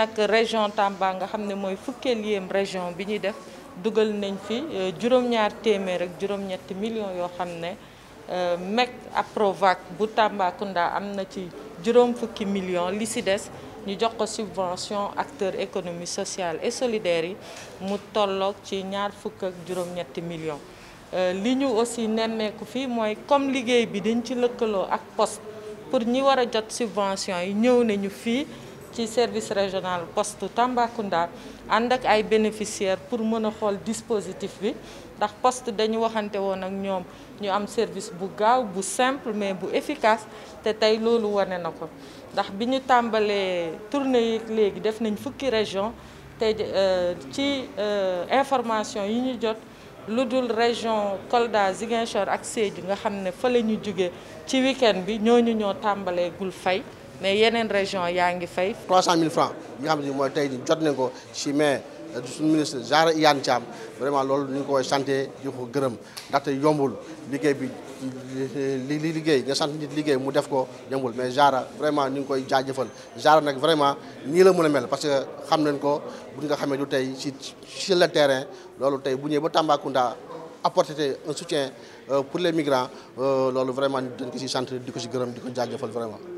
La région Tamba nga xam ne région bi def dugal nañ fi euh, juróom-ñaar témèr ak juróom ñett millions yo xamné euh MEC approvac bu tamba kunda amna ci juróom fukki millions li ci dess ñu jox ko subvention acteur économie sociale et solidaire mu tollok ci ñaar fukk ak juróom ñett millions euh, li ñu aussi ko fi moy comme liggéey bi dañ ci lekkelo ak poste pour ñi wara jot subvention yi ñew nañu fi ci service régional poste Tambacounda ànd ak ay bénéficiaires pour mën xol dispositif bi ndax poste dañu waxanté won ak ñom ñu am service bu gaaw bu simple mais bu efficace te tay lolu woné nako ndax biñu tambalé tournée yi légui def nañ fukki région té euh, ci euh, information yi ñu jot lu région Kolda Ziguinchor ak Sédhiou nga xamné fa lañu juggé ci week-end bi ñooñu ñoo tambalé gul fay mais yeneen région yaa ngi fay. 300000 francs yi nga xam ne mooy tey jot nañ ko ci mais euh, du ministre Jara Iyane Cham vraiment loolu ñu ngi koy santé di ko ndax ndaxte yombul liggéey bi li li liggéey nga sant nit liggéey mu def ko yombul mais Jara vraiment ñu ngi koy jaajëfal Jara nak vraiment ni la mën a mel parce que xam nañ ko bu nga xamé du tay ci ci le terrain loolu tay bu ñëw ba Tambacounda apporter un soutien euh, pour les migrants euh, loolu vraiment dañ ko ci sant di ko ci gërëm di ko jaajëfal vraiment.